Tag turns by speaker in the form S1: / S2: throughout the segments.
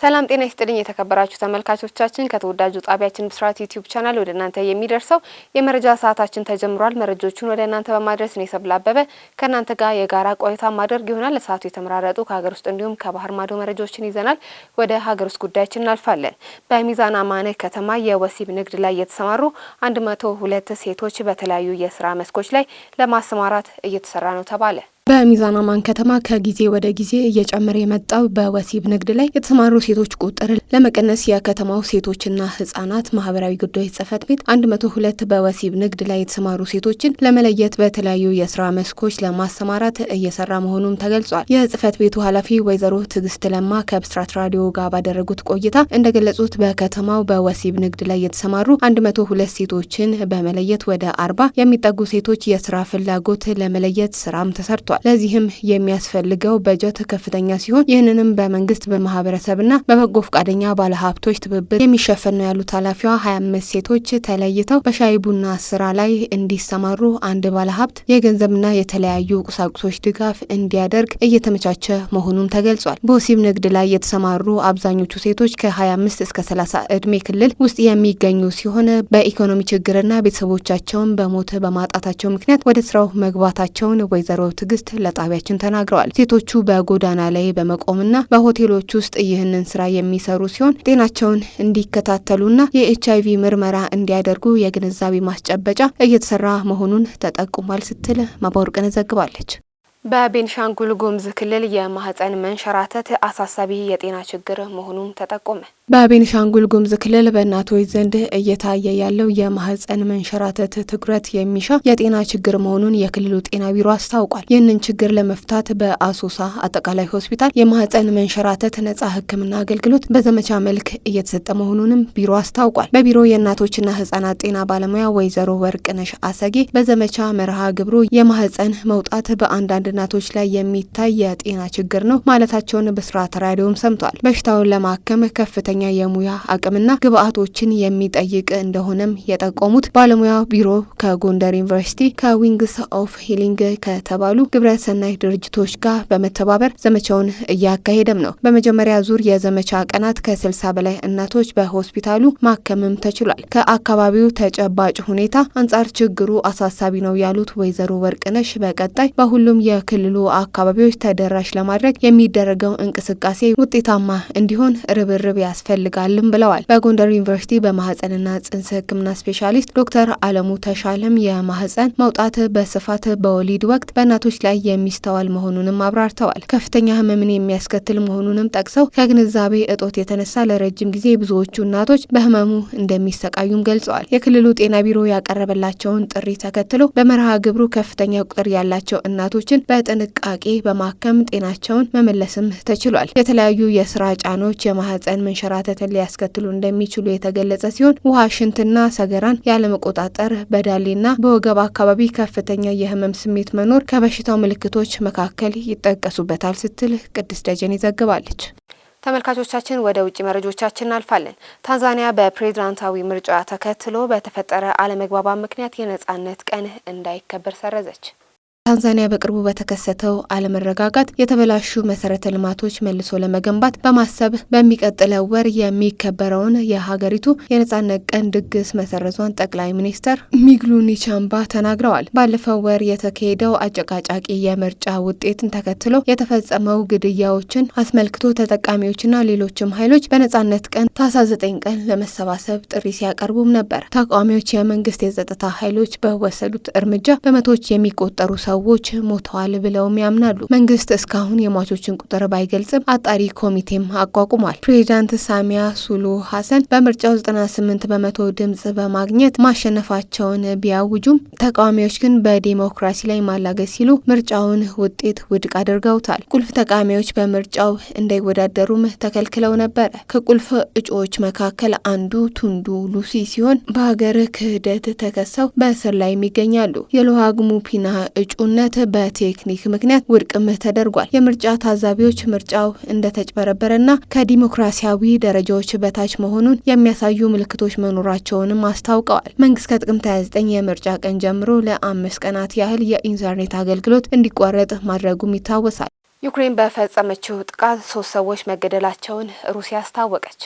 S1: ሰላም ጤና ይስጥልኝ የተከበራችሁ ተመልካቾቻችን፣ ከተወዳጁ ጣቢያችን ብስራት ዩቲዩብ ቻናል ወደ እናንተ የሚደርሰው የመረጃ ሰዓታችን ተጀምሯል። መረጃዎቹን ወደ እናንተ በማድረስ እኔ ሰብለ አበበ ከእናንተ ጋር የጋራ ቆይታ ማድረግ ይሆናል። ለሰዓቱ የተመራረጡ ከሀገር ውስጥ እንዲሁም ከባህር ማዶ መረጃዎችን ይዘናል። ወደ ሀገር ውስጥ ጉዳያችን እናልፋለን። በሚዛን አማነ ከተማ የወሲብ ንግድ ላይ የተሰማሩ አንድ መቶ ሁለት ሴቶች በተለያዩ የስራ መስኮች ላይ ለማሰማራት እየተሰራ ነው ተባለ።
S2: በሚዛን አማን ከተማ ከጊዜ ወደ ጊዜ እየጨመረ የመጣው በወሲብ ንግድ ላይ የተሰማሩ ሴቶች ቁጥር ለመቀነስ የከተማው ሴቶችና ህጻናት ማህበራዊ ጉዳዮች ጽህፈት ቤት አንድ መቶ ሁለት በወሲብ ንግድ ላይ የተሰማሩ ሴቶችን ለመለየት በተለያዩ የስራ መስኮች ለማሰማራት እየሰራ መሆኑም ተገልጿል። የጽህፈት ቤቱ ኃላፊ ወይዘሮ ትዕግስት ለማ ከብስራት ራዲዮ ጋር ባደረጉት ቆይታ እንደገለጹት በከተማው በወሲብ ንግድ ላይ የተሰማሩ አንድ መቶ ሁለት ሴቶችን በመለየት ወደ አርባ የሚጠጉ ሴቶች የስራ ፍላጎት ለመለየት ስራም ተሰርቷል። አሳስቧል። ለዚህም የሚያስፈልገው በጀት ከፍተኛ ሲሆን ይህንንም በመንግስት በማህበረሰብና በበጎ ፈቃደኛ ባለሀብቶች ትብብር የሚሸፈን ነው ያሉት ኃላፊዋ ሀያ አምስት ሴቶች ተለይተው በሻይ ቡና ስራ ላይ እንዲሰማሩ አንድ ባለሀብት የገንዘብና የተለያዩ ቁሳቁሶች ድጋፍ እንዲያደርግ እየተመቻቸ መሆኑን ተገልጿል። በወሲብ ንግድ ላይ የተሰማሩ አብዛኞቹ ሴቶች ከ25 እስከ 30 እድሜ ክልል ውስጥ የሚገኙ ሲሆን በኢኮኖሚ ችግርና ቤተሰቦቻቸውን በሞት በማጣታቸው ምክንያት ወደ ስራው መግባታቸውን ወይዘሮ ትግስት አክቲቪስት ለጣቢያችን ተናግረዋል። ሴቶቹ በጎዳና ላይ በመቆምና በሆቴሎች ውስጥ ይህንን ስራ የሚሰሩ ሲሆን ጤናቸውን እንዲከታተሉና የኤች አይቪ ምርመራ እንዲያደርጉ የግንዛቤ ማስጨበጫ እየተሰራ መሆኑን ተጠቁሟል ስትል ማባወርቅን ዘግባለች።
S3: በቤንሻንጉል ጉሙዝ ክልል የማህፀን መንሸራተት አሳሳቢ የጤና ችግር መሆኑም ተጠቆመ።
S2: በቤንሻንጉል ጉሙዝ ክልል በእናቶች ዘንድ እየታየ ያለው የማህፀን መንሸራተት ትኩረት የሚሻ የጤና ችግር መሆኑን የክልሉ ጤና ቢሮ አስታውቋል። ይህንን ችግር ለመፍታት በአሶሳ አጠቃላይ ሆስፒታል የማህፀን መንሸራተት ነጻ ሕክምና አገልግሎት በዘመቻ መልክ እየተሰጠ መሆኑንም ቢሮ አስታውቋል። በቢሮ የእናቶችና ህጻናት ጤና ባለሙያ ወይዘሮ ወርቅነሽ አሰጌ በዘመቻ መርሃ ግብሩ የማህፀን መውጣት በአንዳንድ እናቶች ላይ የሚታይ የጤና ችግር ነው ማለታቸውን በስርዓተ ራዲዮም ሰምቷል። በሽታውን ለማከም ከፍተኛ ከፍተኛ የሙያ አቅምና ግብአቶችን የሚጠይቅ እንደሆነም የጠቆሙት ባለሙያ ቢሮ ከጎንደር ዩኒቨርሲቲ ከዊንግስ ኦፍ ሂሊንግ ከተባሉ ግብረ ሰናይ ድርጅቶች ጋር በመተባበር ዘመቻውን እያካሄደም ነው። በመጀመሪያ ዙር የዘመቻ ቀናት ከስልሳ በላይ እናቶች በሆስፒታሉ ማከምም ተችሏል። ከአካባቢው ተጨባጭ ሁኔታ አንጻር ችግሩ አሳሳቢ ነው ያሉት ወይዘሮ ወርቅነሽ በቀጣይ በሁሉም የክልሉ አካባቢዎች ተደራሽ ለማድረግ የሚደረገው እንቅስቃሴ ውጤታማ እንዲሆን ርብርብ ያስፈል ያስፈልጋልም ብለዋል። በጎንደር ዩኒቨርሲቲ በማህፀንና ጽንስ ሕክምና ስፔሻሊስት ዶክተር አለሙ ተሻለም የማህፀን መውጣት በስፋት በወሊድ ወቅት በእናቶች ላይ የሚስተዋል መሆኑንም አብራርተዋል። ከፍተኛ ህመምን የሚያስከትል መሆኑንም ጠቅሰው ከግንዛቤ እጦት የተነሳ ለረጅም ጊዜ ብዙዎቹ እናቶች በህመሙ እንደሚሰቃዩም ገልጸዋል። የክልሉ ጤና ቢሮ ያቀረበላቸውን ጥሪ ተከትሎ በመርሃ ግብሩ ከፍተኛ ቁጥር ያላቸው እናቶችን በጥንቃቄ በማከም ጤናቸውን መመለስም ተችሏል። የተለያዩ የስራ ጫኖች፣ የማህፀን መንሸራ መንሸራተትን ሊያስከትሉ እንደሚችሉ የተገለጸ ሲሆን ውሃ፣ ሽንትና ሰገራን ያለመቆጣጠር፣ በዳሌና በወገብ አካባቢ ከፍተኛ የህመም ስሜት መኖር ከበሽታው ምልክቶች መካከል ይጠቀሱበታል ስትል ቅድስት ደጀኔ ዘግባለች።
S1: ተመልካቾቻችን ወደ ውጭ መረጆቻችን እናልፋለን። ታንዛኒያ በፕሬዝዳንታዊ ምርጫ ተከትሎ በተፈጠረ አለመግባባት ምክንያት የነጻነት ቀን እንዳይከበር ሰረዘች።
S4: ታንዛኒያ በቅርቡ በተከሰተው አለመረጋጋት የተበላሹ መሰረተ ልማቶች መልሶ ለመገንባት በማሰብ በሚቀጥለው ወር የሚከበረውን የሀገሪቱ የነጻነት ቀን ድግስ መሰረዟን ጠቅላይ ሚኒስተር ሚግሉኒ ቻምባ ተናግረዋል። ባለፈው ወር የተካሄደው አጨቃጫቂ የምርጫ ውጤትን ተከትሎ የተፈጸመው ግድያዎችን አስመልክቶ ተጠቃሚዎችና ሌሎችም ኃይሎች በነጻነት ቀን ታህሳስ ዘጠኝ ቀን ለመሰባሰብ ጥሪ ሲያቀርቡም ነበር። ተቃዋሚዎች የመንግስት የጸጥታ ኃይሎች በወሰዱት እርምጃ በመቶዎች የሚቆጠሩ ሰው ሰዎች ሞተዋል ብለውም ያምናሉ። መንግስት እስካሁን የሟቾችን ቁጥር ባይገልጽም አጣሪ ኮሚቴም አቋቁሟል። ፕሬዚዳንት ሳሚያ ሱሉ ሀሰን በምርጫው 98 በመቶ ድምጽ በማግኘት ማሸነፋቸውን ቢያውጁም ተቃዋሚዎች ግን በዲሞክራሲ ላይ ማላገስ ሲሉ ምርጫውን ውጤት ውድቅ አድርገውታል። ቁልፍ ተቃዋሚዎች በምርጫው እንዳይወዳደሩም ተከልክለው ነበረ። ከቁልፍ እጩዎች መካከል አንዱ ቱንዱ ሉሲ ሲሆን በሀገር ክህደት ተከሰው በእስር ላይ ይገኛሉ። ፒና እጩ እጩነት በቴክኒክ ምክንያት ውድቅም ተደርጓል። የምርጫ ታዛቢዎች ምርጫው እንደተጭበረበረና ከዲሞክራሲያዊ ደረጃዎች በታች መሆኑን የሚያሳዩ ምልክቶች መኖራቸውንም አስታውቀዋል። መንግስት ከጥቅምት 29 የምርጫ ቀን ጀምሮ ለአምስት ቀናት ያህል የኢንተርኔት አገልግሎት እንዲቋረጥ ማድረጉም ይታወሳል።
S1: ዩክሬን በፈጸመችው ጥቃት ሶስት ሰዎች መገደላቸውን ሩሲያ አስታወቀች።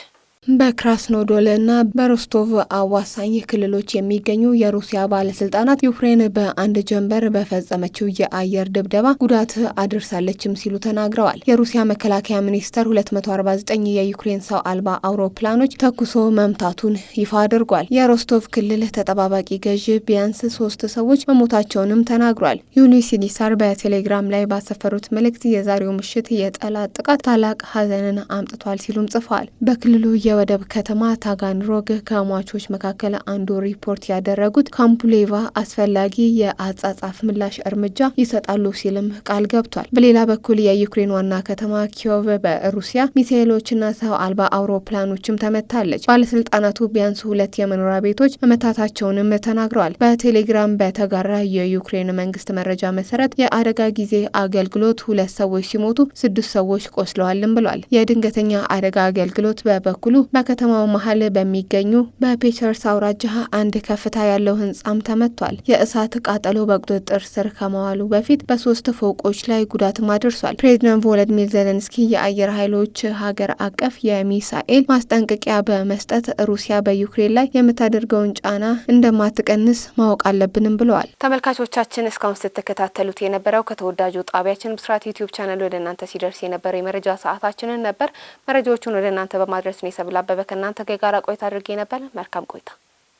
S4: በክራስኖዶል እና በሮስቶቭ አዋሳኝ ክልሎች የሚገኙ የሩሲያ ባለስልጣናት ዩክሬን በአንድ ጀንበር በፈጸመችው የአየር ድብደባ ጉዳት አድርሳለችም ሲሉ ተናግረዋል። የሩሲያ መከላከያ ሚኒስቴር 249 የዩክሬን ሰው አልባ አውሮፕላኖች ተኩሶ መምታቱን ይፋ አድርጓል። የሮስቶቭ ክልል ተጠባባቂ ገዢ ቢያንስ ሶስት ሰዎች መሞታቸውንም ተናግሯል። ዩሊ ሲኒሳር በቴሌግራም ላይ ባሰፈሩት መልእክት የዛሬው ምሽት የጠላት ጥቃት ታላቅ ሀዘንን አምጥቷል ሲሉም ጽፈዋል። በክልሉ የወደብ ከተማ ታጋንሮግ ከሟቾች መካከል አንዱ ሪፖርት ያደረጉት ካምፑሌቫ አስፈላጊ የአጻጻፍ ምላሽ እርምጃ ይሰጣሉ ሲልም ቃል ገብቷል። በሌላ በኩል የዩክሬን ዋና ከተማ ኪዮቭ በሩሲያ ሚሳኤሎችና ሰው አልባ አውሮፕላኖችም ተመታለች። ባለስልጣናቱ ቢያንስ ሁለት የመኖሪያ ቤቶች መመታታቸውንም ተናግረዋል። በቴሌግራም በተጋራ የዩክሬን መንግስት መረጃ መሰረት የአደጋ ጊዜ አገልግሎት ሁለት ሰዎች ሲሞቱ ስድስት ሰዎች ቆስለዋልም ብሏል። የድንገተኛ አደጋ አገልግሎት በበኩሉ በከተማው መሀል በሚገኙ በፔቸርስ አውራጃ አንድ ከፍታ ያለው ህንጻም ተመቷል። የእሳት ቃጠሎ በቁጥጥር ስር ከመዋሉ በፊት በሶስት ፎቆች ላይ ጉዳትም አድርሷል። ፕሬዚደንት ቮለዲሚር ዜሌንስኪ የአየር ኃይሎች ሀገር አቀፍ የሚሳኤል ማስጠንቀቂያ በመስጠት ሩሲያ በዩክሬን ላይ የምታደርገውን ጫና እንደማትቀንስ ማወቅ አለብንም ብለዋል።
S1: ተመልካቾቻችን እስካሁን ስትከታተሉት የነበረው ከተወዳጁ ጣቢያችን ብስራት ዩቲዩብ ቻናል ወደ እናንተ ሲደርስ የነበረው የመረጃ ሰዓታችንን ነበር። መረጃዎቹን ወደ እናንተ በማድረስ ነው አበበ ከእናንተ ጋር ቆይታ አድርጌ ነበር። መልካም ቆይታ